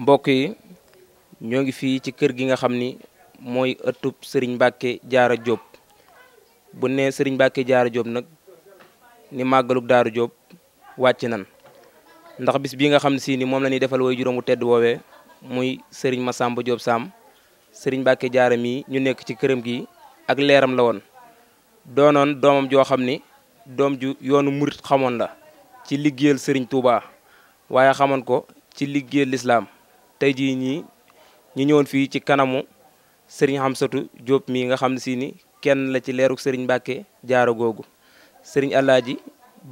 mbokk yi ñoo ngi fii ci kër gi nga xam ni mooy ëttub sëriñ Mbacke Diarra jóob bu ne sëriñ Mbacke jaara Diop nag ni màggalug Daaru Diop wàcc nan ndax bis bi nga xam si ni moom la ñuy defal way juróom bu tedd woowee muy sëriñ ma Massamba Diop Sam sëriñ Mbacke jaara mii ñu nekk ci këram gi ak leeram la woon doonoon doomam joo xam ni doom ju yoonu murit xamoon la ci liggéeyal sëriñ Touba waaye xamoon ko ci liggéeyal lislaam tey jii ñii ñu ñëwoon fii ci kanamu sëriñ Hamsatu Diop mii nga xam ne si ni kenn la ci leeruk sëriñ Mbàkke jaaro googu sëriñ Alaaji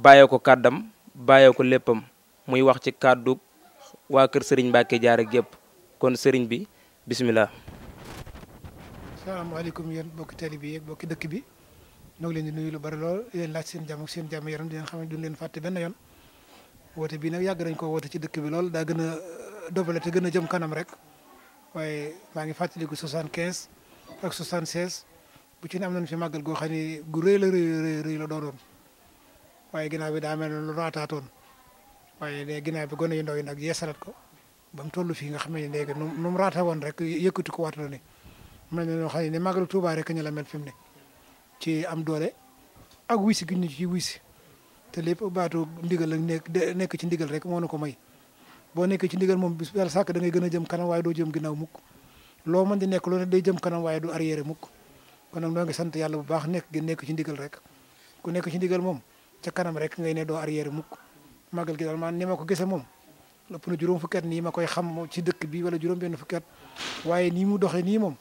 bàyyee ko kàddam bàyyee ko léppam muy wax ci kàddu waa kër sëriñ Mbàkke jaara gépp kon sëriñ bi bisimilah. salaamaaleykum yéen bokki taalibe yi bokki dëkk bi ñoo ngi leen di nuyu lu bari lool di leen laaj seen jàmm ak seen jàmm yaram di leen xam ne duñ leen fàtte benn yoon woote bi nag yàgg nañ ko woote ci dëkk bi lool daa gën doubler te gën a jëm kanam rek waaye maa ngi fàttaliku 75 ak 76 bu ci ne am nañ fi màggal goo xam gu rëy la rëy rëy la bi daa mel ne lu raataatoon waaye ne ginnaaw bi gone yu ndaw yi nag yeesalaat ko ba mu toll fii nga xam ne léegi nu mu raata woon rek yëkkati ko waat na ni ne loo xam ne rek ñu la mel fi mu ne ci am doole ak wisi gi ñu ci wisi te lépp baatu ndigal nekk ci ndigal rek moo nu ko may boo nekkee ci ndigal moom bis yàlla sàkk da ngay gën a jëm kanam waaye doo jëm ginnaaw mukk loo mën di nekk loo ne day jëm kanam waaye du arrière mukk kon nag noo ngi yàlla bu baax nekk gi nekk ci ndigal rek ku nekk ci ndigal moom ca kanam rek ngay ne doo arrière mukk màggal gi daal man ni ma ko gisee moom ëpp na juróom fukki at nii ma koy xam ci dëkk bi wala juróom benn fukki at waaye nii mu doxee nii moom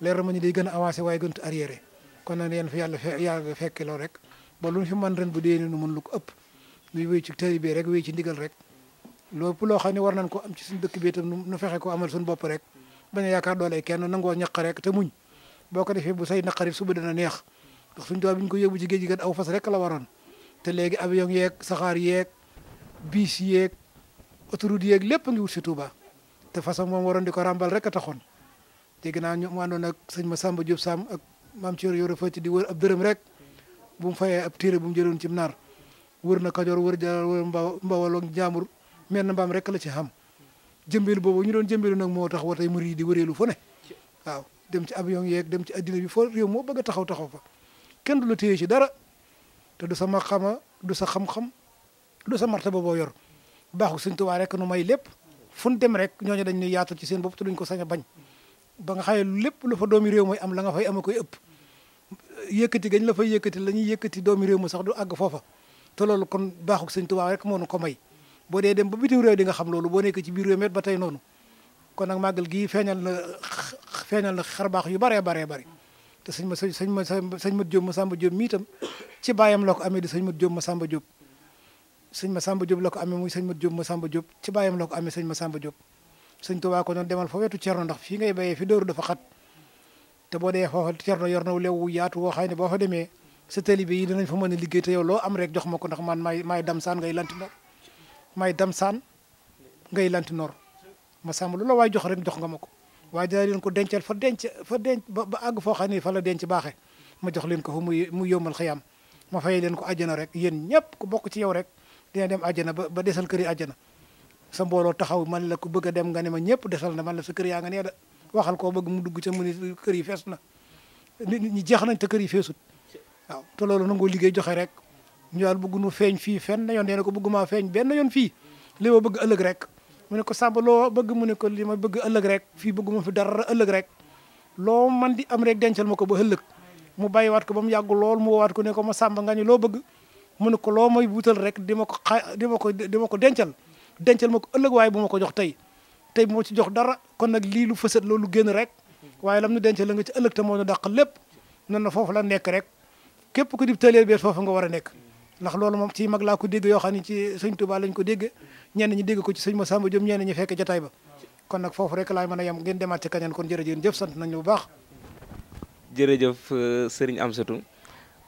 leer ma ni day gën a avancé waaye gënut arrière kon nag yéen fi yàlla fe yàlla fekke loolu rek ba lu ñu fi mën ren bu déenee nu mën lu ko ëpp ñuy wéy ci rek lépp loo xam ne war nañ ko am ci suñu dëkk bi itam nu fexe ko amal suñu bopp rek bañ a yaakaar doole kenn nangoo ñaq rek te muñ boo ko defee bu say naqarit suba dana neex ndax suñ tubaab bi ñu ko yóbbu ci géej gi kat aw fas rek la waroon te léegi avion yeeg saxaar yeeg biis yeeg autoroute yeeg lépp ngi wut si Touba te façon moom waroon di ko rambal rek a taxoon dégg naa ñu mu àndoon ak sëñ Massamba Diop Sam ak maam Thierno Yoro di wër ab dërëm rek bu faye fayee ab téere bu mu jëloon ci naar war na Kajoor war Jalaal wër Mbawal ak mel na mbaam rek la ci xam jëmbeelu boobu ñu doon jëmbeelu nag moo tax wa tey murid yi di wëreelu fu ne waaw dem ci avion yeeg dem ci addina bi foo réew moo bëgg taxaw taxaw fa kenn du la téye ci dara te du sa maqama du sa xam-xam du sa martaba boo yor baaxul Sëñ Tuubaa rek nu may lépp fu ñu dem rek ñooñu dañ ñuy yaatal ci seen bopp te duñ ko sañ a bañ ba nga lépp lu fa doomi réew mooy am la nga fay ama koy ëpp yëkkati gañ la fay yëkkati la ñuy yëkkati doomi réew ma sax du àgg foofa te loolu kon baaxul Sëñ Tuubaa rek moo nu ko may boo dee dem ba bitim réew di nga xam loolu boo nekk ci biir réew met ba tey noonu kon nag màggal gii feeñal na feeñal na xarbaax yu baree baree bari te sëñ ma sëñ ma sëñ mat Jóob ma Samba Jóob mi ci baayam la ko amee di sëñ mat ma Samba Jóob sëñ ma Samba Jóob la ko amee muy sëñ mat Jóob ma Samba Jóob ci baayam la ko amee sëñ ma Samba Jóob sëñ Tuubaa ko noonu demal fa wetu cerno ndax fii ngay béyee fi dóoru dafa xat te boo dee foofa cerno yor na wu leewu yaatu woo xay ne boo fa demee sa taalibe yi dinañ fa mën a liggéey te yow loo am rek jox ma ko ndax man maay maay dam saan ngay lanti may damsaan ngay lanti noor ma sàmm lu la waay jox rek jox nga ma ko waaye dinaa leen ko denceel fa denc fa denc ba àgg foo xam ne fa la denc baaxe ma jox leen ko fa muy mu yómmal xiyam ma fay leen ko àjjana rek yéen ñëpp ku bokk ci yow rek dina dem àjjana ba ba desal kër yi àjjana sa mbooloo taxaw man la ku bëgg dem nga ne ma ñëpp desal na man la sa kër yaa nga nee da waxal koo bëgg mu dugg ca mu ne kër yi fees na nit ñi jeex nañ te kër yi feesut waaw te loolu nangoo liggéey joxe rek ñu daal bëgg nu feeñ fii fenn yoon nee ko ko bëgguma feeñ benn yoon fii li ma bëgg ëllëg rek mu ne ko Samba loo bëgg mu ne ko li ma bëgg ëllëg rek fii bëgguma fi dara ëllëg rek loo man di am rek dencal ma ko ba ëllëg mu bàyyiwaat ko ba mu yàgg lool mu woowaat ko ne ko ma Samba nga loo bëgg ko loo may wutal rek di ma ko xa di ma ko di ko dencal dencal ma ko ëllëg waaye bu ma ko jox tey tey moo ci jox dara kon nag lii lu fësat loolu génn rek waaye lam nu dencal la nga ci ëllëg te moo ñu dàq lépp nan foofu la nekk rek képp ku di tëlee beet foofu nga war a nekk ndax loolu moom ci mag laa ko dégg yoo xam ne ci sëñ Tuubaa lañ ko dégg ñenn ñi dégg ko ci sëñ Masamba Jóob ñenn ñi fekk jataay ba kon nag foofu rek laay mën a yem ngeen demaat ci kañeen kon jërëjëf jëf sant nañu bu baax jërëjëf euh, sëriñ Amsatu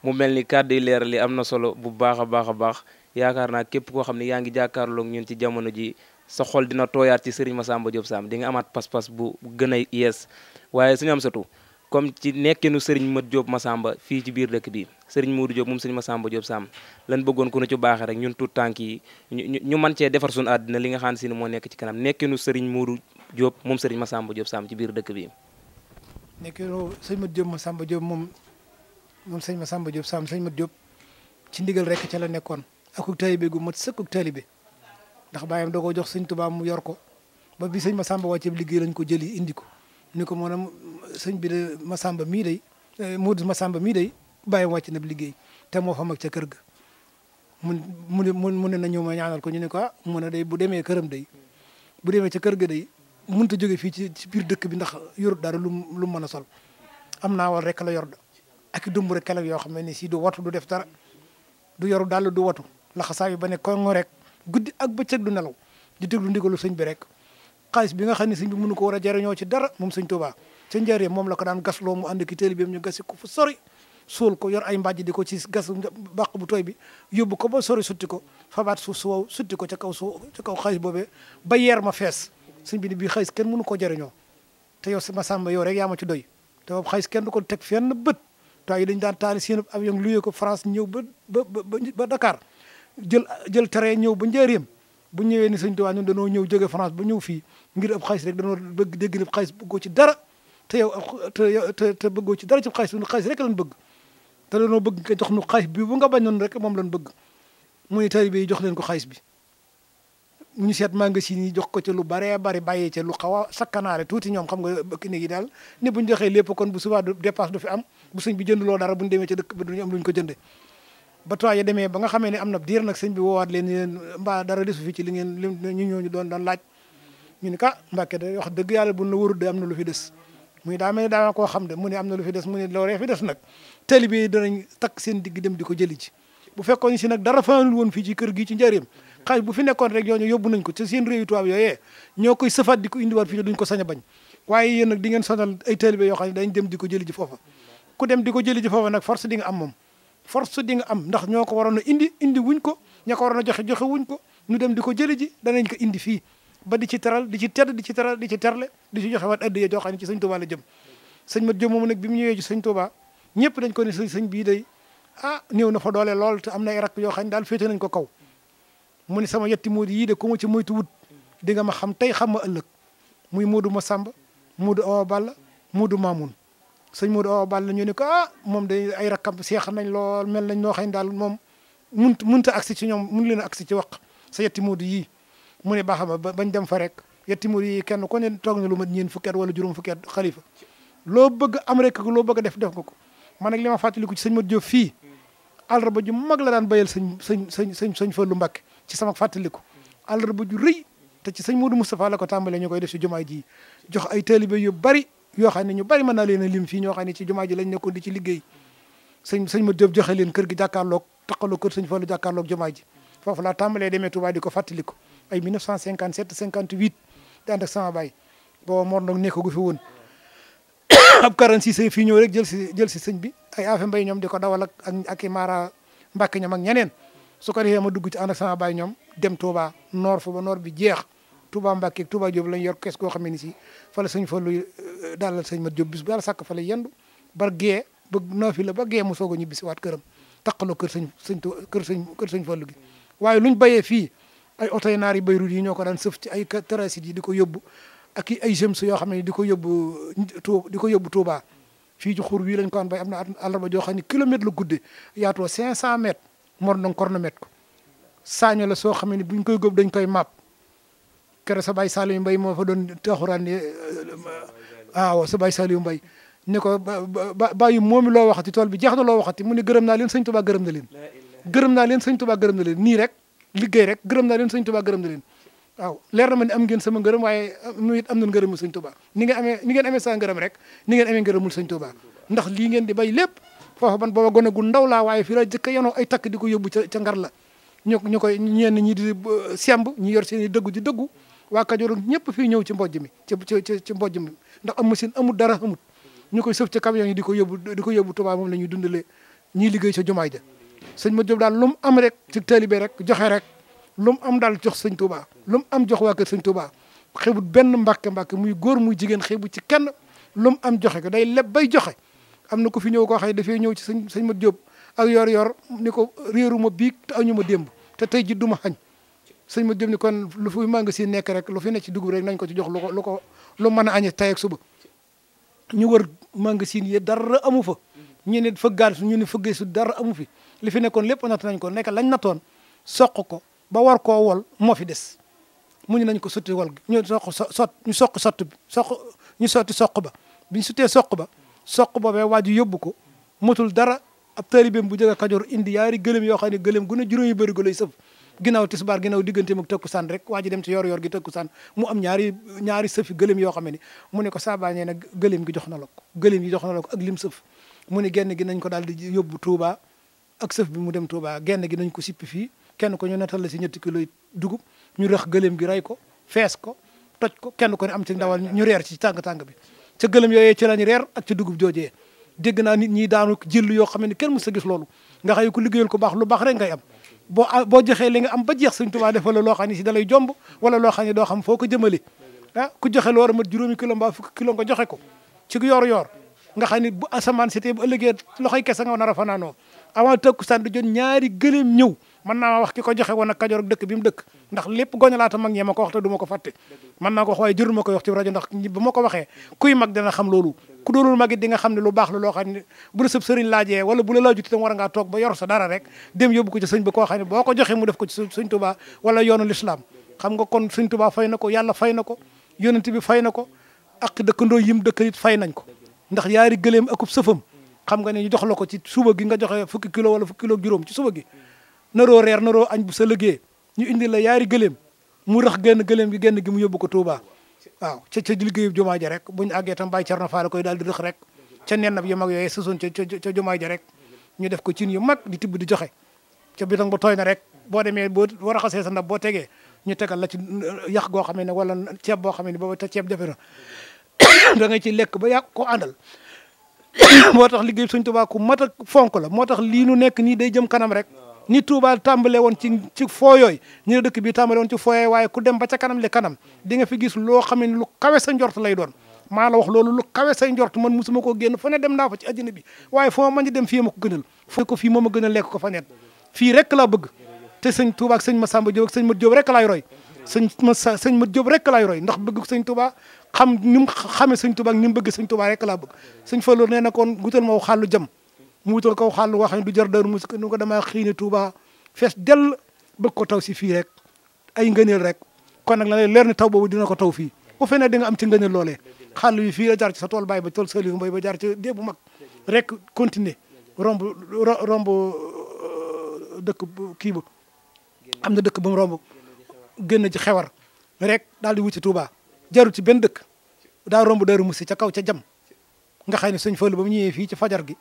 mu mel ni kàddu yi leeral li am na solo bu baax a baax a baax yaakaar naa képp koo xam ne yaa ngi jàkkaarloog ñun ci jamono ji sa xol dina tooyaat ci sëriñ Masamba Jóob Sam di nga amaat pas-pas bu gën a yees waaye am Amsatu comme ci nekkinu sëriñ Mat Diop Massamba fii ci biir dëkk bi sëriñ Modou Diop moom sëriñ Massamba Diop Samb lan bëggoon ku ne ci baaxee rek ñun tout tànk yi ñu ñu mën cee defar suñu àddina li nga xam si ne moo nekk ci kanam nekkinu sëriñ Modou Diop moom sëriñ Massamba Diop Samb ci biir dëkk bi. nekkinu sëriñ Mat Diop Massamba Diop moom moom sëriñ Massamba Diop Samb sëriñ Mat Diop ci ndigal rek ca la nekkoon akuk taalibe gu mat sëkkuk taalibe ndax bàyyam da koo jox sëriñ tubaam mu yor ko ba bi sëriñ Massamba wàcceeb liggéey lañ ko jëli indi ko ni ko maanaam sëñ bi de ma samba mii day eh, ma samba mii day bàyyi wàcc nag liggéey te moo fa mag ca kër ga mun mu ne mu ne na ñëw ma ñaanal ko ñu ne ko ah mu ne day bu demee këram day bu demee ca kër ga day mënut a jóge fii ci ci biir dëkk bi ndax yor dara lu mu lu mën a sol am naa wal rek la yor ak i dumb yoo xam ne ni si du watu du def dara du yoru daal du watu laxasaa yu ba ne ko rek guddi ak bëccëg du nelaw di déglu ndigalu sëñ bi rek xaalis bi nga xam ne sëñ bi mënu ko war a jariñoo ci dara moom sëñ Tuubaa ca njëriñ moom la ko daan gasloo mu ànd ki taalibeem ñu gasi ko fu sori suul ko yor ay mbàjj di ko ci gas bàq bu tooy bi yóbbu ko ba sori sutti ko fabaat suuf su wow sutti ko ca kaw su ca kaw xaalis boobee ba yeer ma fees sëñ bi ni bii xaalis kenn mënu koo jariñoo te yow sama sàmba yow rek yaa ma ci doy te boobu xaalis kenn du ko teg fenn bët tois yi dañu daan taali seen avion luyee ko France ñëw ba ba ba Dakar jël jël train ñëw ba njëriñam bu ñëwee ni sëñ Tuubaa ñun dañoo ñëw jóge France bu ñëw fii ngir ab xaalis rek dañoo bëgg dégg ni xaalis ci dara te yow te te bëggoo ci dara ci xaalis nu xaalis rek lañ bëgg te dañoo bëgg nga jox nu bi bu nga bañ noonu rek moom lañ bëgg mu ne taalibe yi jox leen ko xaalis bi mu ñu seet maa nga si ni jox ko ca lu baree bari bàyyee ca lu xaw a sakkanaare tuuti ñoom xam ga bëkk néeg yi daal ne bu ñu joxee lépp kon bu subaa dépasse du fi am bu sëñ bi jënduloo bu ñu demee ca dëkk ba duñu am luñ ko jënde ba toit ya demee ba nga xamee ne am na diir nag sëñ bi woowaat leen ni leen mbaa dara desu fi ci li ngeen li ñu ñooñu doon laaj ñu ni ka mbàkke de wax bu la wërut de na lu fi des muy daa mel koo xam de mu ne am na lu fi des mu ne loolee fi des nag tali seen digg dem di ko jëli bu fekkoon si nag dara faanul woon fii ci kër gi ci njëriñ xaalis bu fi nekkoon rek ñooñu yóbbu nañ ko ci seen réew tubaab di ko indiwaat fii duñ ko sañ a bañ waaye yéen nag di ngeen sonal ay yoo xam ne dañ dem di ko jëli ji foofa ku dem di ko jëli ji foofa nag force di nga am moom force di nga am ndax ñoo ko waroon na indi indi wuñ ko ña ko waroon na joxe joxe wuñ ko ñu dem di ko jëli ji danañ ko indi fii ba di ci teral di ci tedd di ci teral di ci terle di ci joxe waat addiya joo xam ne ci sëñ sañ ma jëm sëñ Mat Jóob moomu nag bi mu ñëwee ci sëñ Tuuba ñëpp dañ ko ne sëñ bii day ah néew na fa doole lool te am na ay rakk yoo xam daal féete nañ ko kaw mu ne sama yetti moodu yii de ku ma ci moytu wut di nga ma xam tey xam ma ëllëg muy moodu ma sàmb moodu awa balla moodu maamun sëñ Modou Awa Balla ñu ne ko ah moom day ay rakkam seex nañ lool mel nañ noo xëy na daal moom mënut mënut a agsi ci ñoom mënu leen a agsi ci wax sa yetti Modou mu ne baax a ba bañ dem fa rek yetti Modou yii kenn ko ne toog lu mat ñeen fukki at wala juróom fukki at xalifa loo bëgg am rek loo bëgg def def nga ko man nag li ma ci sëñ Modou Diop fii àllarba ju mag la daan bayal sëñ sëñ sëñ sëñ sëñ Fallou Mbacké ci sama fàttaliku àllarba ju rëy te ci sëñ Modou Moustapha la ko tàmbalee ñu koy def ci jumaa ji jox ay taalibe yu bari yoo xam ñu bari ma naa leen a lim fii ñoo ne ci jumaa ji lañ nekkoon di ci liggéey sëñ sëñ ma Jóob joxe leen kër gi jàkkaarloog taqaloo kër sëñ Fallu jàkkaarloog jumaa ji foofu laa tàmbalee demee Tuubaa di ko fàttaliku ay 1957 58 di ànd ak sama baay booba Mor Ndong nekk gu fi woon ab 46 fii ñëw rek jël si jël si sëñ bi ay affaire mbay ñoom di ko dawalak ak maara mbàkk ñoom ak ñeneen su ko defee ma dugg ci ànd ak sama baay ñoom dem Tuubaa noor fa noor bi jeex Touba Mbacke ak Touba Diop lañ yor kees goo xam ne ni si fa la sëñ Fallu euh, dalal ma Mat Diop bis bu yàlla sàkk fa la yendu ba gee ba naafi la ba gee mu soog a ñibbisi waat këram taqaloo kër sëñ sëñ kër sëñ kër sëñ Fallu gi waaye luñ baye fii ay oto yi naar bay Bayrut yi ñoo ko daan sëf ci ay transit yi di ko yóbbu ak i ay yoo xam ne di ko yóbbu euh, di ko yóbbu Touba fii ci xur wii lañ ko am bay am na àllarba joo xam ne kilomètre la gudde yaatoo 500 mètres mor na cornomètre ko saaño la soo xam ne buñ koy góob dañ koy màpp kere sa baay Saliou bay moo fa doon taxuraan ne waaw sa baay Saliou Mbaye ne ko bàyyi moomi loo waxati tool bi jeex na loo waxati mu ne gërëm naa leen sëñ Tuubaa gërëm na leen gërëm naa leen sëñ Tuubaa gërëm na leen nii rek liggéey rek gërëm naa leen sëñ Tuubaa gërëm na leen waaw leer na ma ne am ngeen sama ngërëm waaye mu it am na ngërëmul sëñ Tuubaa ni ngeen amee ni ngeen amee sa ngërëm rek ni ngeen amee ngërëmul sëñ Tuubaa ndax lii ngeen di bay lépp foofa man booba gone gu ndaw laa waaye fii la jëkka yanoo ay takk di ko yóbbu ca ca ngar la ñu ñu koy ñenn ñi di uh, semb ñi yor seen i dëggu di dëggu waa Kajoor ñëpp fii ñëw ci mbojj mi ci ci ci mbojj mi ndax am machine amul dara amut ñu koy sëf ci camion yi di ko yóbbu di ko yóbbu Tuubaa moom la ñuy dundalee ñiy liggéey sa jumaay ja sañ ma job daal lu mu am rek ci taalibe rek joxe rek lu am daal jox sañ Tuubaa lu am jox waa kër sëñ Tuubaa xeebut benn mbàkke mbàkke muy góor muy jigéen xeebut ci kenn lu am joxe ko day leb bay joxe am na ko fi ñëw koo xam ne dafay ñëw ci sëñ sëñ ma Jóob ak yor yor ni ko réeru ma biig te añu ma démb te tey ji du ma xañ sëñ ma jëm ni kon lu fi maa ngi si nekk rek lu fi nekk ci dugub rek nañ ko ci jox lu ko lu mën a añee tey ak suba ñu wër maa ngi siin yi dara amu fa ñu ne fëggaat su ñu ne fëggee su dara amu fi li fi nekkoon lépp natt nañ ko nekk lañ nattoon soq ko ba war ko wol moo fi des muñu nañ ko sotti wol ñu soq sot ñu soq sott bi soq ñu sotti soq ba biñu suttee soq ba soq boobee waa ji yóbbu ko motul dara ab taalibeem bu jóge Kajoor indi yaari gëlëm yoo xam ne gëlëm gu ne juróomi bëri gu lay sëf ginnaaw tisbaar ginnaaw digganteem ak takkusaan rek waa ji dem ci yor yor gi takkusaan mu am ñaari ñaari sëfi gëlëm yoo xam ne mu ne ko saabaanee nag gëlëm gi jox na la ko gëlëm yi jox na la ko ak lim sëf mu ne genn gi nañ ko daal di yóbbu Touba ak sëf bi mu dem Touba genn gi nañ ko sippi fii kenn ko ñu natal la si ñetti kilo dugub ñu rax gëlëm gi rey ko fees ko toj ko kenn ko ne am ci ndawal ñu reer ci tàng-tàng bi ca gëlëm yooyee ci lañ reer ak ci dugub joojee dégg naa nit ñi daanu jëll yoo xam ne kenn mës a gis loolu nga xëy ko liggéeyal ko baax lu baax rek ngay am boo ah, boo joxee li nga am ba jeex Sëñ Tuubaa defal la loo xam ne si dalay jomb wala loo xam ne doo xam foo ko jëmale ah ku joxe loo war a mat juróomi kilo mbaa fukki kilo nga joxe ko ci yor-yor nga xam ne bu asamaan si tey bu ëllëgee loxoy kese nga nar a fanaanoo avant takkusaan du jot ñaari gëléem ñëw mën naa wax ki ko joxe woon ak Kajoor dëkk bi mu dëkk ndax lépp goñ laata mag ñee ma ko wax te du ma ko fàtte mën naa ko wax waaye jërul ma ko wax ci rajo ndax ba ma ko waxee kuy mag dana xam loolu ku doonul dinga di nga xam ne lu baax lu loo xam ne bu la sëb sëriñ laajee wala bu la laajut itam war ngaa toog ba yor sa dara rek dem yóbbu ko ci sëñ ba koo xam ne boo ko joxee mu def ko ci sëñ Tuubaa wala yoonu lislaam xam nga kon sëñ Tuubaa fay na ko yàlla fay na ko yonent bi fay na ko ak dëkkandoo yim dëkk it fay nañ ko ndax yaari gëleem akub sëfam xam nga ne ñu jox la ko ci suba gi nga joxe fukki kilo wala fukki kilo juróom ci suba gi naroo reer naroo añ bu sa liggéey ñu indi la yaari gëleem mu rax genn gëleem gi genn gi mu yóbbu ko Tuubaa waaw ca ca liggéeyu jumaa ja rek buñu àggee tam bàyyi Cerno Faal koy daal di rëx rek ca nenab yu mag yooyu susoon ca ca jumaa ja rek ñu def ko cin yu mag di tibb di joxe ca bidong ba tooy na rek boo demee boo war sa ndab boo tegee ñu tegal la ci euh, yàq goo xam ne wala ceeb boo xam ne booba te ceeb jafe na da ngay lekk ba yàq ko àndal moo tax liggéey Sëñ Tuubaa ku mat a fonk la moo tax lii nu nekk nii day jëm kanam rek ni Touba tàmbale woon ci ci fooyooy ñu dëkk bi tàmbale woon ci fooyooy waaye ku dem ba ca kanam li kanam di nga fi gis loo xam ne lu kawe sa njort lay doon maa la wax loolu lu kawe say njort man musuma koo génn fa ne dem naa fa ci àddina bi waaye foo ma mën di dem fii ma ko gënal foo fii moom a gënal lekk ko fa net fii rek laa bëgg te sëñ Touba ak sëñ Massamba Diop ak sëñ Mat Diop rek laay roy sëñ Massa sëñ Mat Diop rek laay roy ndax bëgg sëñ Touba xam ni mu xamee sëñ Touba ak ni mu bëgg sëñ Touba rek laa bëgg sëñ Fallou nee na kon gutal ma xàllu jëm mu wutal ko xàll woo xam ne du jar Daaru Musi nu ko damaa xëy ne Touba fees dell bëgg ko taw si fii rek ay ngëneel rek kon nag la lay leer ne taw boobu dina ko taw fii bu feneen di nga am ci ngëneel loolee xàll wi fii la jaar ci sa tool baay ba tool sëliu mbay ba jaar ci dee bu mag rek continuer romb romb euh, dëkk kii ba na dëkk ba mu romb génn ci xewar rek daal di wuti Touba jarul ci benn dëkk daa romb Daaru Musi ca kaw ca jam nga xam ne suñ fële ba mu ñëwee fii ci fajar gi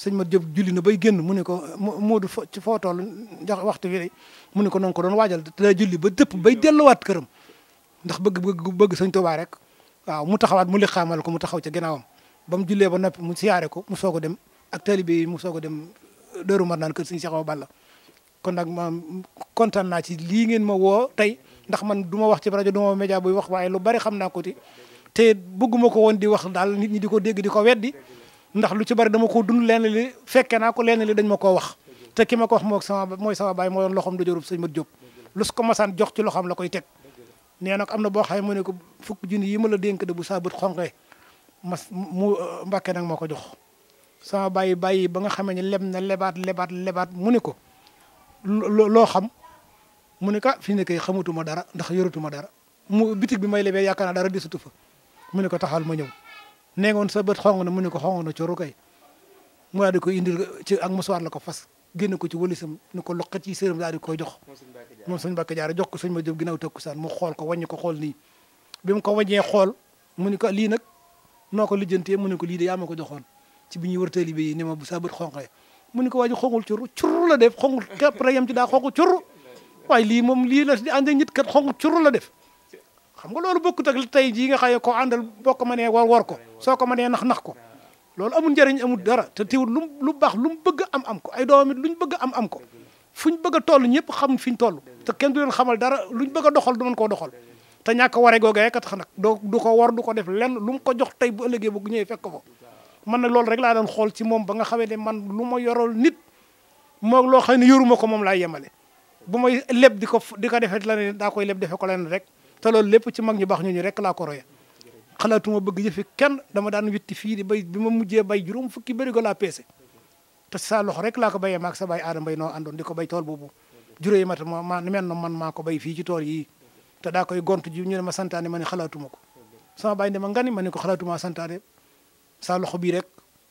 sëñ ma Diop julli na bay génn mu ne ko Moodu fo ci foo toll ndax waxtu wi mu ne ko noonu ko doon waajal ti daa julli ba dëpp bay delluwaat këram ndax bëgg bëgg bëgg sëñ Tuubaa rek waaw mu taxawaat mu li xaamal ko mu taxaw ca ginnaawam ba mu ba noppi mu siyaare ko mu soog a dem ak taalibe mu soog a dem euh, Daaru naan kër sëñ Cheikh Awa Balla kon nag ma kontaan naa ci lii ngeen ma woo tey ndax man du ma wax ci rajo du ma média buy wax waaye lu bari xam naa ko ti te bëgguma ko woon di wax daal nit ñi di ko dégg di ko weddi ndax lu ci bari dama koo dund leen li fekke naa ko leen li dañ ma koo wax te ki ma ko wax moo sama mooy sama baay moo doon loxoom du jorub sëñ mat jóob lu su ko jox ci loxoom la koy teg nee na am na boo xamee mu ne ko fukk junni yi ma la dénk de bu saa bët xonqee mas mu euh, mbàkke nag moo ko jox sama bàyyi bàyyi ba nga xamee ne leb na lebaat lebaat lebaat mu ne ko loo xam mu ne ko ah, fi ne kay xamatuma dara ndax yoratuma dara mu bitig bi may lebee yaakaar naa dara desatu fa mu ne ko taxal ma ñëw nee ngoon sa bët xong na mu ne ko xong na coro kay mu daal di ko indil ci ak mosuwaar la ko fas génne ko ci wëlisam ni ko loqat yi sërëm daal di koy jox moom suñ bàkk jaara jox ko suñ ma jóg ginnaaw tëkkusaan mu xool ko wàññi ko xool nii bi mu ko wàññee xool mu ni lii nag noo ko lijjantee mu ne ko lii de ko joxoon ci bi ñuy wër taalibe yi ni ma bu sa bët xonqee mu ne ko waa ji xongul curu curu la def xongul képp rek yem ci daa xongul curu waaye lii moom lii la di ànd ak nit kat xongul curu la def xam nga loolu bokkut ak tey jii nga xaye ko àndal boo ko mënee war war ko soo ko mënee nax nax ko loolu amul njariñ amul dara te teewul lu lu baax lu mu bëgg am am ko ay doomam it luñ bëgg am am ko fuñ bëgg toll ñëpp xam fi ñu toll te kenn du leen xamal dara luñ bëgg doxal du mën koo doxal te ñàkk a waree googee kat nag doo du ko war du ko def lenn lu mu ko jox tey bu ëllëgee ñëwee fekk ko fa man loolu rek laa doon xool ci moom ba nga xamee ne man lu ma yorol nit moom loo xam ne yoruma ko moom laa yemale bu may leb di ko di ko defee la daa koy leb defe ko leneen rek te loolu lépp ci mag ñu baax ñooñu rek laa ko roye xalaatuma bëgg yëfi kenn dama daan witti fii di bay bi ma mujjee bay juróom fukki bërigo laa peese te saa loxo rek laa ko béyee maag sa bay aadama bay noo àndoon di ko bay tool boobu juróoyi mat ma ma mel na man maa ko bay fii ci tool yi te daa koy gont ji ñu ne ma santaane ma ne xalaatuma ko sama bàyyi ne ma ngani ma ne ko xalaatuma santaane saa loxo bii rek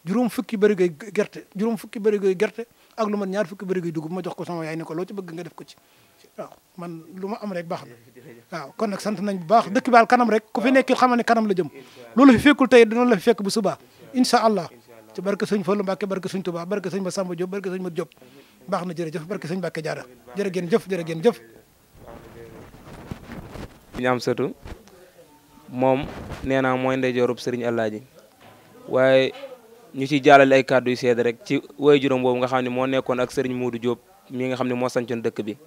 juróom fukki bërigoy gerte juróom fukki bërigoy gerte ak lu mat ñaar fukki bërigoy dugub ma jox ko sama yaay ne ko loo ci bëgg nga def ko ci waaw man lu ma am rek baax na waaw kon nag sant nañ bu baax dëkk baal kanam rek ku fi nekkil xamal ne kanam la jëm loolu fekkul tey dina la fi fekk bu subaa incha allah ci barke sëñ Fallu Mbàkke barke sëñ Tuubaa barke sëñ Masamba Jóob barke sëñ Mat Jóob baax na jërëjëf barke sëñ Mbàkke Jaara jërë ngeen jëf jërë ngeen jëf ñu am sëtu moom nee naa mooy ndeyjoorub sëriñ ji waaye ñu ci jàllale ay kàddu yu seede rek ci waajuram boobu nga xam ne moo nekkoon ak sëriñ Muudu Jóob mi nga xam ne moo sancoon dëkk bi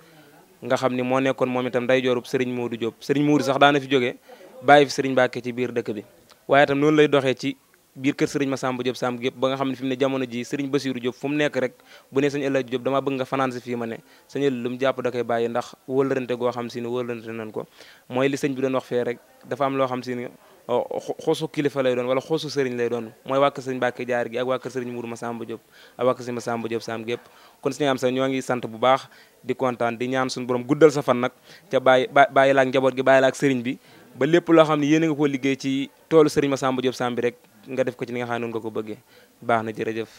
nga xam ni moo nekkoon moom itam day joorub Serigne Modou Diop Serigne Modou sax daana fi jógee bàyyi fi Serigne Mbacke ci biir dëkk bi waaye itam noonu lay doxee ci biir kër Serigne Massamba Diop Samb gépp ba nga xam ne fi ne jamono ji Serigne Bassirou Diop fu mu nekk rek bu ne sëñ El Hadj Diop bëgg nga fanaan si fii ma ne sëñ El lu mu jàpp da koy bàyyi ndax wëlërante goo xam si ni wëlërante nañ ko mooy li sëñ bi doon wax fee rek dafa am loo xam si ni Oh, xoosu kilifa lay doon wala xoosu sëriñ lay doon mooy waa kër sëriñ Mbàkke Jaar gi ak waa kër sëriñ Mourou Massamba Diop ak waa kër sëriñ Massamba Diop saam gépp kon suñu am ngi sant bu baax di kontaan di suñu borom guddal sa fan nag ca bàyyi bàyyi la ak njaboot gi bàyyi ak sëriñ bi ba lépp loo xam ne yéen nga ko liggéey ci toolu sëriñ Massamba Diop saam bi rek nga def ko ci ni nga xam ne noonu nga ko bëggee baax na jërëjëf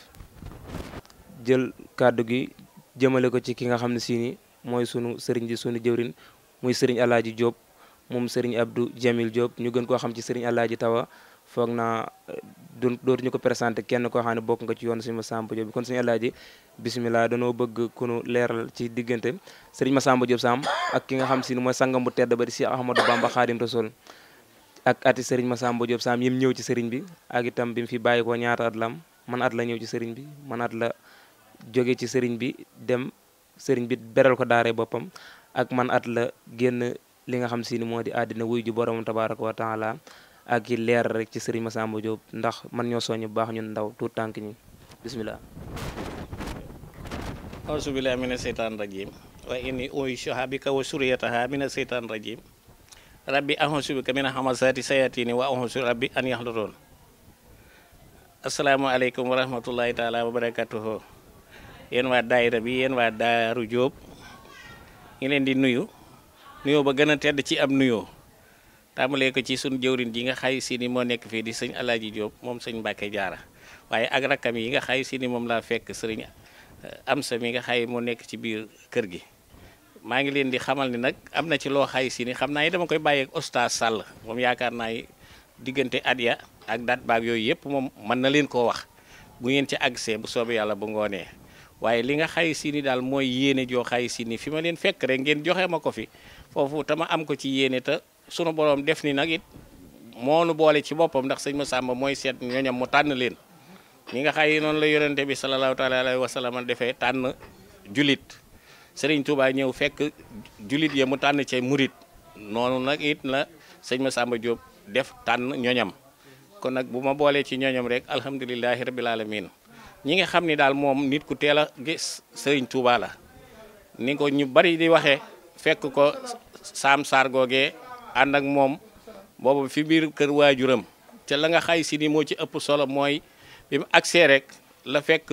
jël kàddu gi jëmale ko ci ki nga xam ne sii nii mooy sunu sëriñ ji sunu jëwrin muy sëriñ Alaaji Diop moom Serigne Abdou Jamil Diop ñu gën koo xam ci Serigne Alaaji Tawa foog naa dootuñu ko présenté kenn koo xam ne bokk nga ci yoon Serigne Massamba Diop kon Serigne Alaaji bisimilah danoo bëgg ku nu leeral ci diggante ma Massamba Diop Samb ak ki nga xam si ni mooy sangam bu tedd ba di si Ahmadou Bamba Xaadim Rasul ak ati Serigne Massamba Diop Samb yim ñëw ci Serigne bi ak itam bi mu fi bàyyi ko ñaata at lam man at la ñëw ci Serigne bi man at la jóge ci Serigne bi dem sëriñ bi beral ko daaree boppam ak man at la génn li nga xam si ni moo di àddina wuy ju borom tabaraka wa taala ak yi leer rek ci sëriñ Masamba Diop ndax man ñoo soññ bu baax ñun ndaw tuut tànk ñi bisimilah aousubillahi mina seytaan rajim wa inni u'iizuha bika wa suriyataha mina seytaan rajim rabbi ahusu bika mina hamasati sayatini wa ahusu rabbi an yahdurun asalaamaaleykum wa rahmatullahi taala wa barakatuhu yéen waa daayira bi yéen waa daaru Diop ngi leen di nuyu nuyoo ba gën a tedd ci am nuyoo tàmbalee ko ci sunu jëwrin ji nga xay siini moo nekk fii di sëñ Alaaji jóom moom sëñ Mbàkke Jaara waaye ak rakkam yi nga xay si moom laa fekk sëriñ eh, am sa mi nga xay moo nekk ci biir kër gi maa ngi leen di xamal ni nag am na ci loo xay si xam naa yi dama koy bàyyeek ostaas Sall moom yaakaar naa diggante at ya ak daat baag yooyu yëpp moom mën na leen koo wax bu ngeen ci àggsee bu soobee yàlla bu ngoonee waaye li nga xay si ni daal mooy yéene joo xay si ni fi ma leen fekk rek ngeen joxe ma ko fi foofu tama am ko ci yéene te sunu borom def ni nag it moonu boole ci boppam ndax sëñ ma sàmba mooy seet ñooñam mu tànn leen ñi nga xay noonu la yonente bi salallaahu taala alayhi wa sallam defee tànn julit sëriñ Touba ñëw fekk julit ya mu tànn ci murit noonu nag it la sëñ ma sàmba Diop def tànn ñooñam kon nag bu ma boolee ci ñooñam rek alhamdulilahi rabil alamin ñi nga xam ni daal moom nit ku teel a gis sëriñ Touba la ni ko ñu bari di waxee fekk ko saam saar googee ànd ak moom boobu fi biir kër waajuram te la nga xay si ni moo ci ëpp solo mooy bi mu agsee rek la fekk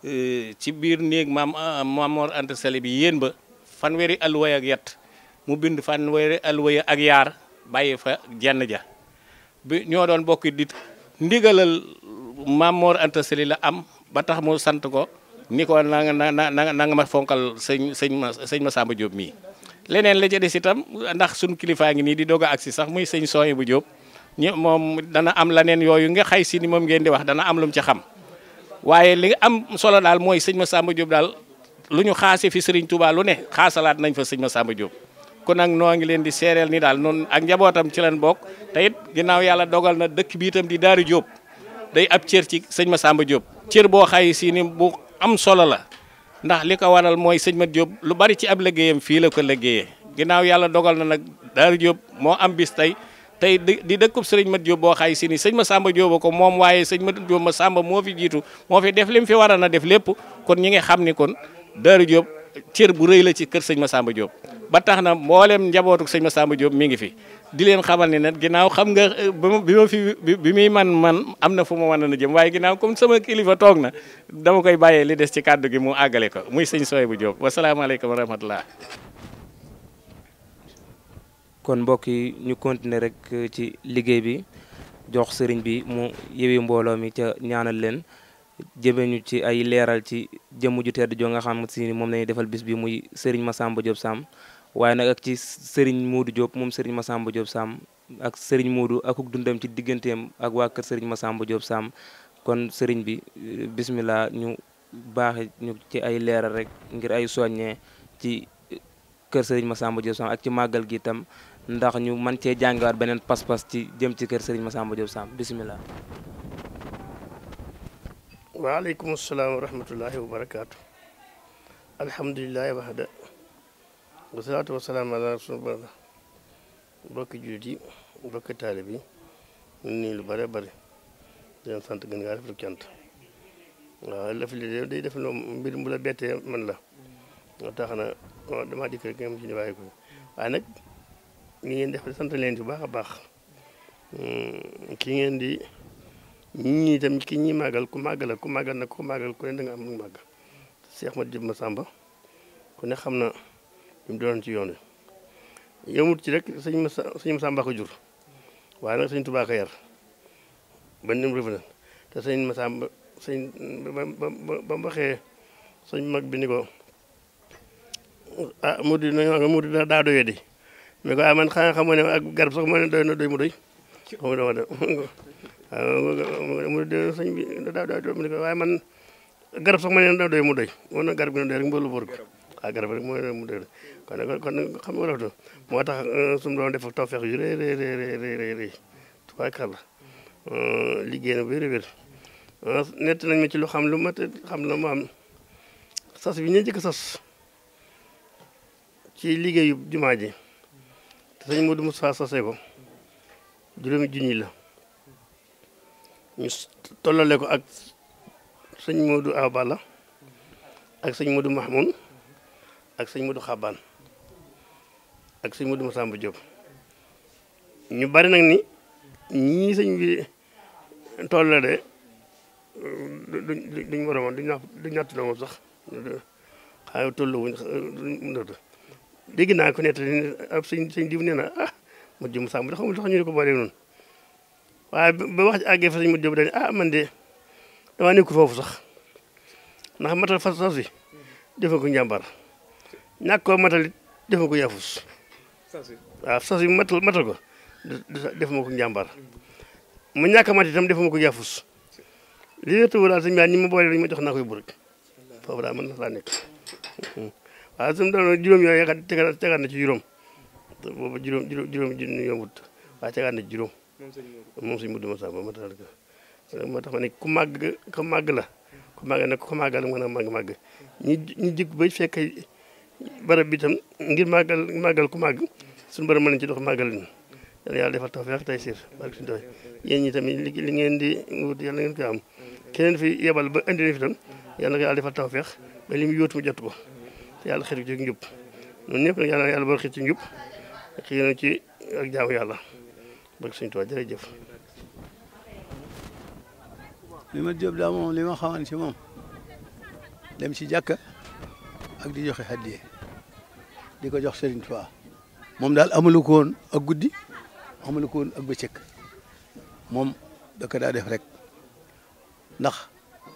euh, ci biir néeg maam euh, Mamor Anta Sali bi yéen ba fanweeri alwaya ak yet mu bind fanweeri alwaya ak yaar bàyyi fa genn ja bi ñoo doon bokk di ndigalal maam Mor Anta Sali la am ba tax mu sant ko ni ko na nga na nga na nga ma fonkal sëñ sëñ ma sëñ ma Samba Diop mii. leneen la ca des itam ndax sunu kilifaa ngi nii di doog a agsi sax muy sëñ sooy bu Diop ñu moom dana am leneen yooyu nga xay si ni moom ngeen di wax dana am lu mu ci xam waaye li am solo daal mooy sëñ ma Samba Diop daal lu ñu xaase fi Serigne Touba lu ne xaasalaat nañ fa sëñ ma Samba Diop. kon nag noo ngi leen di seereel ni daal noonu ak njabootam ci leen bokk te yàlla dogal na dëkk bi itam di Daaru Diop. day ab cër ci sëñ sàmba jóob cër boo xayi si bu am solo la ndax li ko waral mooy sëñ ma jóob lu bari ci ab liggéeyam fii la ko liggéeyee ginnaaw yàlla dogal na nag Daaru Diop moo am bis tey tey di dëkkub sëriñ Mat Diop boo xay si ni sëñ sàmba Diop ko moom waaye sëñ Mat Diop Massamba moo fi jiitu moo fi def lim fi war na def lépp kon ñi ngi xam ni kon Daaru Diop cër bu rëy la ci kër sëñ sàmba Diop ba tax na mboolem njabootu sëñ Massamba Diop mi ngi fi di leen xamal ne nag ginnaaw xam nga euh, bi ma bi muy man man am na fu ma mën a jëm waaye ginaaw comme sama kilifa toog na dama koy bàyyee li des ci kàddu gi mu àggale ko muy sëñ sooy bu Jóob wasalaamaaleykum wa rahmatullah kon mbokk yi ñu continuer rek euh, ci liggéey bi jox sëriñ bi mu yewi mbooloo mi ca ñaanal leen jëme ñu ci ay leeral ci jëmm ju tedd joo nga xam si moom lañuy defal bis bi muy sëriñ Massamba job Samb waaye nag ak ci sëriñ muudu Diop moom sëriñ Massamba Diop Sam ak sëriñ Modou akuk dundam ci digganteem ak waa kër sëriñ Massamba Diop Sam kon sëriñ bi euh, bismillah ñu baaxe ñu ci ay leeral rek ngir ay soññee ci euh, kër sëriñ Massamba Diop Sam ak ci màggal gi itam ndax ñu mën cee jàngawaat beneen pas-pas ci jëm ci kër sëriñ Massamba Diop Sam bismillah waaleykum salaam wa rahmatullahi wa barakaatu alhamdulillahi wahda wasalaatu wasalaam ala rasulillah bokki jullit yi bokki taalib yi lu bare bare di sant gën ngaa def lu cant waaw laf li day def loo mbir mu la man la moo tax na damaa dikk rek ngeen ci ñu bàyyi ko waaye def sant leen bu baax a baax hmm, ki ngeen di ñi itam ki ñi màggal ku màggal ku màggal nag ku màggal ku ne da nga am lu màgg Cheikh Mate Diop Massamba ku ne bi mu doon ci yoon wi yëmut ci rek sëñ ma sëñ ma Sàmba ko jur waaye nag sëñ Tuubaa ko yar ba nim rëf na te sëñ ma Sàmba sëñ ba mu waxee sëñ mag bi ni ko ah murid nañu murid na daa doyee di mais ko ah man xam xamoo ne ak garab sax moo ne doy na doy mu doy xam nga dama mu ah, de sëñ bi daa doy mu ne ko waaye ah, man garab sax moo ne doy mu doy woon na garab gi na doy rek mboolu boor ko ak garab rek mooy loolu mu dëgg kon nag kon nag xam nga loolu moo tax euh, suñu doon def tawfeex yu rëy rëy rëy rëy rëy tubaakàlla euh, liggéey na wér wér euh, nett nañ ma ci lu xam lu mat xam la ma am sas bi ñu njëkk sas ci liggéeyu jumaa ji te sëñ Modou Moussa sase ko juróomi junni la ñu tollale ko ak sëñ Modou Abala ak sëñ Modou Mahmoud ak sëñ Modou Xabaan ak sëñ Modou Massamba Diop ñu bari nag ni ñii sëñ bi toll la de duñ duñ war a moom duñ nax duñ natt moom sax xaaral tollu wuñ dégg naa ko nettali ne ab sëñ sëñ diw nee na ah Modou Massamba Diop ñu ne ko boole noonu waaye ba wax ci àggee fa sëñ Modou Diop dañ ah man de damaa nekkul foofu sax ndax matal fas fas yi defe ko njàmbar ñàkk koo matalit defa ko yaafus waaw sas yi matal matal ko def ma ko njàmbar mu ñàkk a mat itam defa ma ko yaafus li wértu wala sëñ bi ñi ma boole dañu ma jox naa koy burik foofu daal mën na laa nekk waaw su mu doon juróom yooyu tegaat tegaat na ci juróom boobu juróom juróom yombut waaye tegaat na ci juróom moom suñ mudu ma sàmba matal ko moo tax ma ne ku màgg ku màgg la ku màgg nag ku màgg la mën a màgg màgg ñi ñi jikk ba fekk barab bi itam ngir màggal màggal ku màgg suñu borom mën nañu ci dox màggal ñu yàlla yàlla defal tawfeex ak taysiir barke suñu tawfeex yéen ñi tamit li ngeen di wut yàlla ngeen koy fi yebal ba indi fi itam yàlla yàlla defal tawfeex ba li mu yóotu mu jot ko te yàlla xëy ci njub ñun ñëpp nag yàlla yàlla boo xëy ci njub xëy na ci ak jaamu yàlla barke suñu tawfeex jërëjëf. li ma jëm moom li ma ci moom dem ci jàkka. ak di joxe hadiya di ko jox Serigne Touba moom daal amalu ko woon ak guddi amalu ko woon ak bëccëg moom da ko daa def rek ndax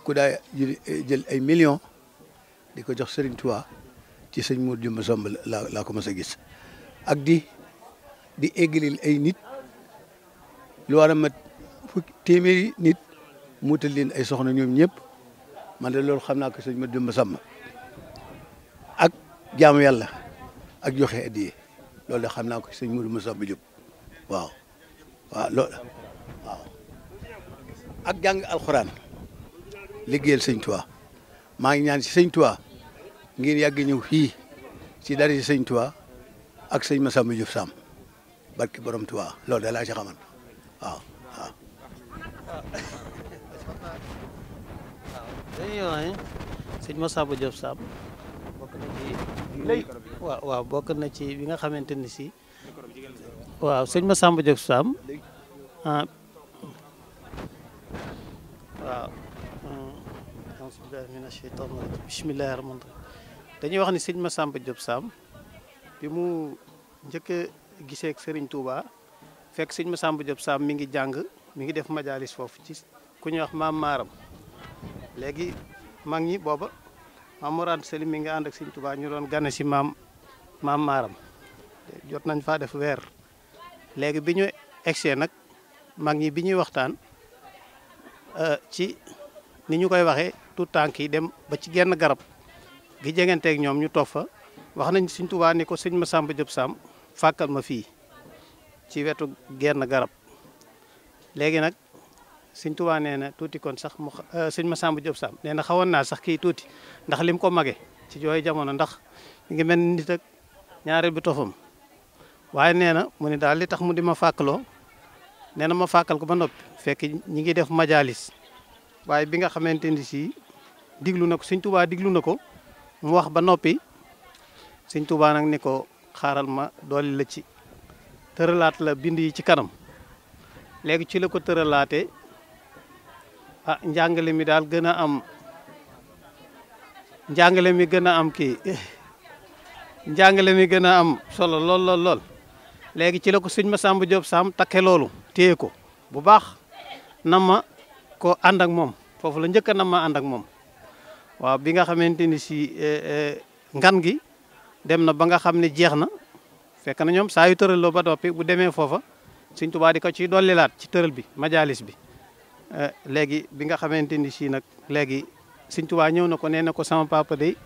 ku daa jël ay million di ko jox Serigne Touba ci sëñ Mour Jumba Samb laa laa ko mës a gis ak di di eggalil ay nit lu war a mat fukki nit muutal leen ay soxna ñoom ñëpp man de loolu xam naa ko sëñ Mour Jumba Samb jaamu yàlla ak joxe addiye loolu de xam naa ko sëñ Mourou Moussa bi Diop waaw waaw loolu waaw ak jàng alxuraan liggéeyal sëñ Tuubaa maa ngi ñaan si sëñ ngir ngeen yàgg ñëw fii si dara si sëñ Tuubaa ak sëñ Massamba Diop Sam barki borom Tuubaa loolu de laa si xaman waaw waaw. waaw waaw bokk na ci bi nga xamante ni si waaw sëñ ma Samba Diop Sam ah waaw wax ni sëñ ma Samba Diop bi mu njëkk a gisee ak Serigne fekk sëñ ma Samba Diop Sam mi ngi jàng mi ngi def majaalis foofu ci ku ñuy wax maam maaram léegi mag ñi booba maam Mor mi nga ànd ak Sëñ ñu doon gane si maam maam Maaram jot nañ faa def léegi bi ñu egsee nag mag ñi bi ñuy waxtaan euh, ci ni ñu koy waxee tout tànk yi dem ba ci genn garab gi jeganteeg ñoom ñu toog fa wax nañ Sëñ Tuubaa ni ko sëñ ma Samba Diop Samb fàkkal ma fii ci wetu genn garab léegi nag sëñ Tuubaa nee na tuuti kon sax mu euh, sëñ Masamba Diop Samb nee na xawoon naa sax kii tuuti ndax lim ko mage ci jooy jamono ndax mi ngi mel nit ak ñaareel bi tofam waaye nee na mu ne daal li tax mu di ma fàkkaloo nee na ma fàkkal ko ba noppi fekk ñi ngi def majalis waaye bi nga xamante ni si diglu na ko sëñ Tuubaa diglu na ko mu wax ba noppi sëñ Tuubaa nag ni ko xaaral ma dooli la ci tëralaat la bind yi ci kanam léegi ci la ko tëralaatee a ah, njàngale mi daal gën a am njàngale mi gën a am kii njàngale mi gën a am solo lool lool lool léegi ci la ko sëñ Massamba Diop Samb takkee loolu téye ko bu baax na ma ko ànd ak moom foofu la njëkk a na ma ànd ak moom waaw bi nga xamante ni si eh, eh, ngan gi dem na ba nga xam ne jeex na fekk na ñoom saa yu tëraloo ba doppi bu demee foofa sëñ Tuubaa di ko dollilaat ci tëral bi majalis bi Eh, léegi bi nga xamante ni si nag léegi Sëñ Tuubaa ñëw na ko nee na ko sama papa day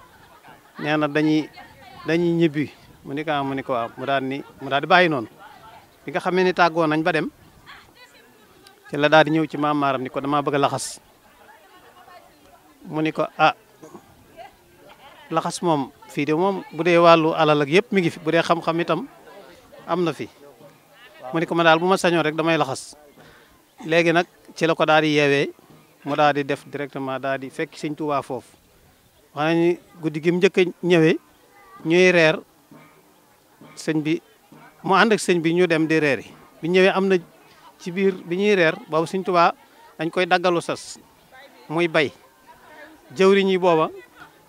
nee na dañuy dañuy ñibbi mu ni ko ah, mu ni ko mu daal ni mu daal di bàyyi noonu bi nga xamee ni tàggoo nañ ba dem ci la daal di ñëw ci maam maaram ni ko damaa bëgg laxas mu ni ko ah laxas moom fii de moom bu dee wàllu alal yépp yëpp mi ngi fi bu dee xam-xam itam am na fi mu ni ko ma daal bu ma sañoon rek damay laxas léegi nag ci la ko daal di yeewee mu daal di def directement daal di fekk sëñ Tuubaa foofu wax nañu guddi gi mu ñëwee ñuy reer sëñ bi mu ànd ak sëñ bi ñu dem di reer yi bi ñëwee am na ci biir bi ñuy reer boobu sëñ Tuubaa dañ koy daggalu sas muy bay jëwriñ yi booba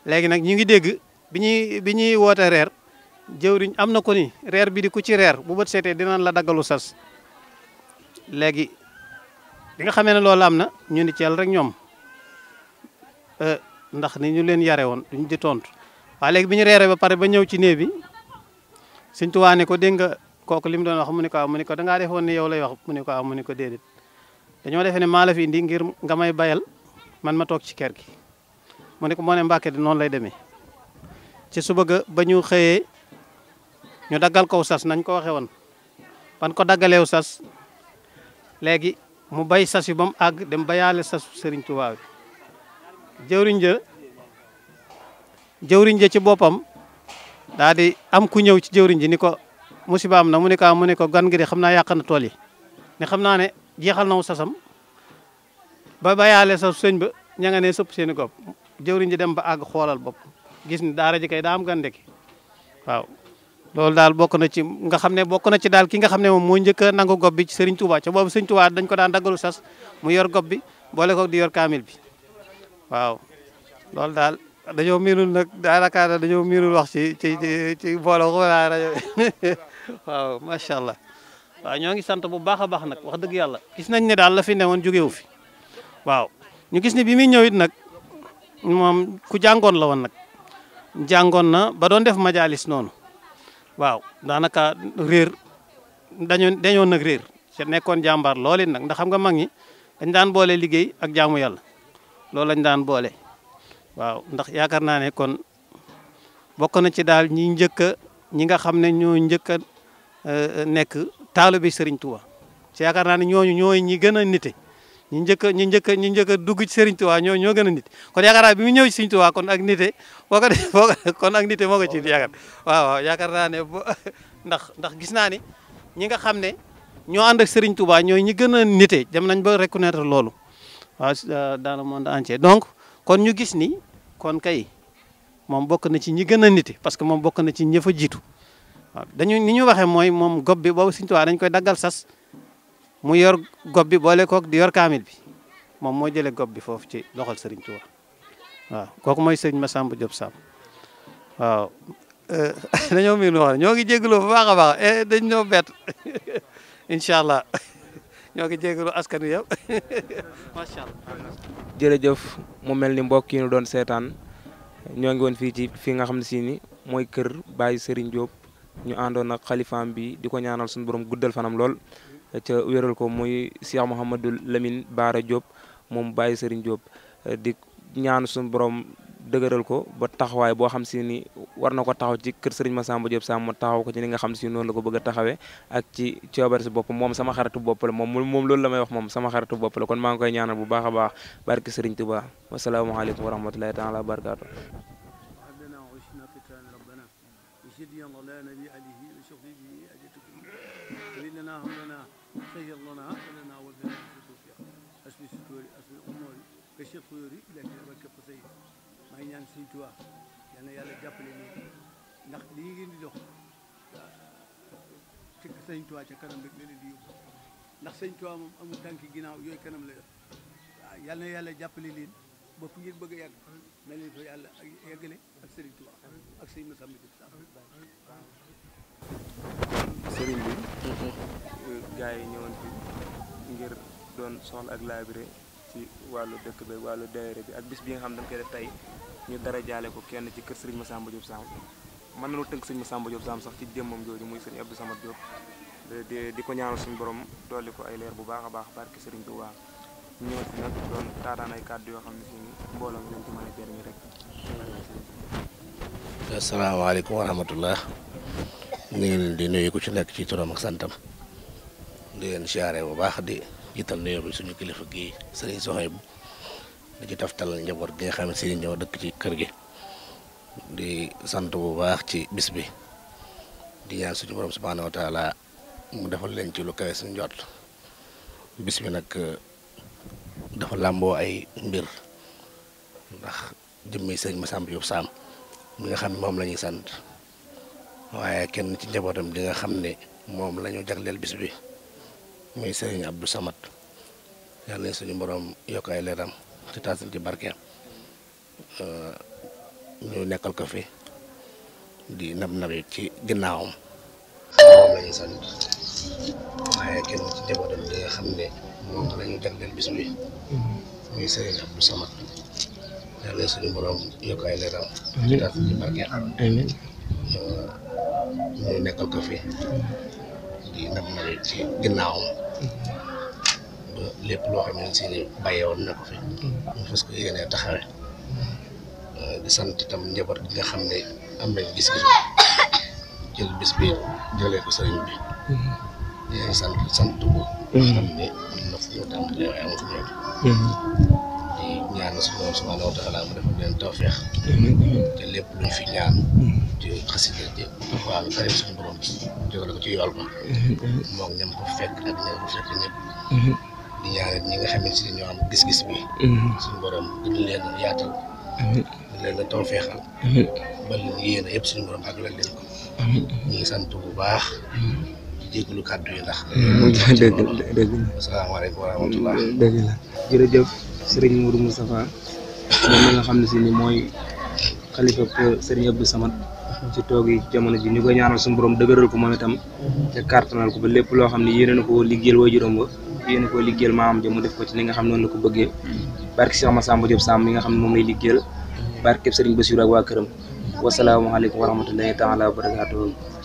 léegi nag ñu ngi dégg bi ñuy bi ñuy woote reer jëwriñ am na ko reer bi di ku ci reer bu bët seetee dinañ la daggalu sas léegi bi nga xamee ne loolu am na ñu ni ceel rek ñoom euh, ndax ni ñu leen yare woon duñ di tontu waa léegi bi ñu reere ba pare ba ñëw ci néeg bi Sëñ Tuubaa ne ko dégg nga kooku li mu doon wax mu ne ko ah, mu ne ko dangaa defoon ne yow lay wax mu ne ko ah ko déedéet dañoo defee ne maa la fi indi ngir nga may bayal man ma toog ci kër gi mu ne ko moo ne di noonu lay demee ci suba ga ba ñu xëyee ñu daggal ko sas nañ ko waxee woon ban ko daggaleew sas léegi mu bay sas yu ba mu àgg dem bayaale sasu sëriñ Tuubaa bi jëwriñ ja jëwriñ ja ci boppam daal am ku ñëw ci jëwriñ ji ni ko musiba am na mu ne ko ah, mu ne ko gan gi de xam naa yàq na tool yi ne xam naa ne jeexal na wu sasam ba bayaale sa sëñ ba ña nga ne sëpp seen i gopp jëwriñ ji dem ba àgg xoolal bopp gis ni daara ji kay daa am gan ndekki waaw loolu daal bokk na ci nga xam ne bokk na ci daal ki nga xam ne moom moo njëkk a nangu bi ci Serigne Touba ca boobu Serigne ko daan daggalu sas mu yor gob bi boole di yor kaamil bi daal dañoo miinul nag daanaka dañoo miinul wax ci ci ci boole ñoo ngi sant bu baax a baax nag wax dëgg yàlla gis nañ ne daal la fi newoon jógewu fi waaw ñu gis ne bi muy ñëw nag moom ku jàngoon la woon nag jàngoon na ba doon def majalis noonu waaw daanaka réer dañoo dañoo nag réer ci nekkoon jàmbaar loolu nag ndax xam nga mag ñi dañ daan boole liggéey ak jaamu yàlla loolu lañ daan boole waaw ndax yaakaar naa ne kon bokk na ci daal ñi njëkk a ñi nga xam ne ñoo njëkk a eh, nekk bi Sëriñ tuwa ci yaakaar naa ne ñooñu ñooy ñi gën a nite ñi njëkk a ñi njëkk a ñi njëkk dugg ci Serigne Touba ñoo ñoo gën a nit kon yaakaar naa bi mu ñëw ci Serigne kon ak nite boo ko def boo kon ak nite moo ko ci yaakaar waaw waaw yaakaar naa ne ndax ndax gis naa ne ñi nga xam ne ñoo ànd ak Serigne ñooy ñi gën a nite dem nañ ba reconnaître loolu waaw euh, dans le monde entier donc kon ñu gis ni kon kay moom bokk na ci ñi gën a nite parce que moom bokk na ci ñi fa jiitu waaw dañu ni ñu waxee mooy moom gob bi boobu Serigne Touba dañ koy daggal sas mu yor gop bi boole kook di yor kaamil bi moom moo jëlee gob bi foofu ci loxol sëriñ Tuuba waaw kooku mooy sëriñ Massamba Diop Samb waaw euh, dañoo miin wax ñoo ngi jégalu bu baax a baax eh, dañ ñoo bett incha allah ñoo ngi jégalu askan wi yëpp macha jërëjëf mu mel ni mbokk yi doon seetaan ñoo ngi woon fii ci fi nga xam ne si ni mooy kër Baye sëriñ Diop ñu àndoon ak xalifaam bi di ko ñaanal suñu borom guddal fanam lool. ca wéral ko muy Cheikh Mouhamadou Lamine Baara Diop moom Baye Serigne Diop di ñaan suñu borom dëgëral ko ba taxawaay boo xam si ni war na ko taxaw ci kër Serigne Massamba Diop Samb mu ko ci ni nga xam si noonu la ko bëgg taxawe ak ci coobar si bopp moom sama xaritu bopp la moom moom loolu la may wax moom sama xaritu bopp la kon maa ngi koy ñaanal bu baax a baax barki Serigne Touba wasalaamaaleykum wa rahmatulahi taala wa barakaatu أمرنا سهل لنا لنا وبنا asli sutóori asli umoori ba chef yooyu léegi nag ba képp say maa ngi ñaan Sëñ Tuubaa yal na yàlla jàppale nii ndax lii ngeen di dox ci ah, Sëñ Tuubaa ca kanam rek la leen di yóbbu ndax Sëñ Tuubaa moom amul tànki ginnaaw yooyu kanam la def waaw ah, yal na yàlla jàppale leen ba fu ngeen bëgg a yàgg na leen fa yàlla ak yeggale ak Sëriñ Tuubaa ak sëñ Masamba Jóob sax waaw sëriñ bi euh, gars yi ñëwoon fi ngir doon soxla ak laabire ci wàllu dëkk bi wàllu daayira bi ak bis bi nga xam ne dañ koy def tey ñu dara jaale ko kenn ci kër sëriñ Massamba Diop Samb mën nañu tënk sëriñ Massamba Diop Samb sax ci jëmmam jooju muy sëriñ Abdou Samad Diop di ko ñaanal suñu borom dolli ko ay leer bu baax a baax barke sëriñ Touba ñëw fi nag doon taataan ay kàddu yoo xam ne si mbooloo mi lañ ci mën a jëriñu rek asalaamaaleykum wa rahmatullah ñu ngi di nuyu ku ci nekk ci turam ak santam di leen siyaare bu baax di jiital nuyoo bi suñu kilifa gi sëriñ Soxaybu di ci taftal njaboot gi nga xam si ñëw dëkk ci kër gi di sant bu baax ci bis bi di ñaan suñu borom subhaanahu wa taala mu defal leen ci lu kawe suñu jot bis bi nag dafa làmboo ay mbir ndax jëmmi sëriñ Masamba Jóob Saam mi nga xam ne moom lañuy ñuy sant waaye kenn ci njabootam bi nga xam ne moom la ñu jagleel bis bi muy Serigne Abdou Samad yàlla nañ suñu boroom yokk ay leeram te taasin ci barkeem euh, ñu nekkal ko fi di nab nabi ci ginnaawam moom la ñu ci njabootam bi xam ne moom la ñu jagleel bis bi Samad yàlla nañ suñu borom yokk ay leeram ñu nekkal ko fi di nag na ci ginnaawam ba lépp loo xam ne si ni bàyyee na ko fi mm-hmm. ñu fas ko yéenee taxawe euh, di sant itam njaboot gi nga xam ne am gis-gis bis bi jëlee ko sëriñ bi mm-hmm. di sant sant bu mm-hmm. xam ne am na fu ñu tàmbalee waaye amul fu ñu suñu borom subhaanahu wa taala mu defal leen tawféex te lépp luñ fi ñaan hmm. ci xasida ji alxuraan karim suñu borom jógal ko ci yool ba moom ñam ko fekk ak ñam ko fekk ñëpp ñi nga xamante ni ñoo am gis-gis bi suñu borom gën leen yaatal gën leen a tawféexal ba leen yéene yëpp suñu borom ak leen ko ñu ngi sant bu baax jéggalu kàddu yi ndax dëgg dëgg asalaamaaleykum sëriñ Mourou Moustapha moom mi nga xam ne si ni mooy xalifa sëriñ Abdou Samad ci toog yi jamono ji ñu koy ñaanal suñu borom dëgëral ko moom itam te kàttanal ko ba lépp loo xam ne yéene na koo liggéeyal waajuram ba yéene koo liggéeyal maam ja mu def ko ci li nga xam ne la ko bëggee barke Cheikh Massamba Diop Samb mi nga xam ne moom lay liggéeyal barke sëriñ Bassirou ak waa këram wasalaamaaleykum wa rahmatullahi taala wa barakaatuhu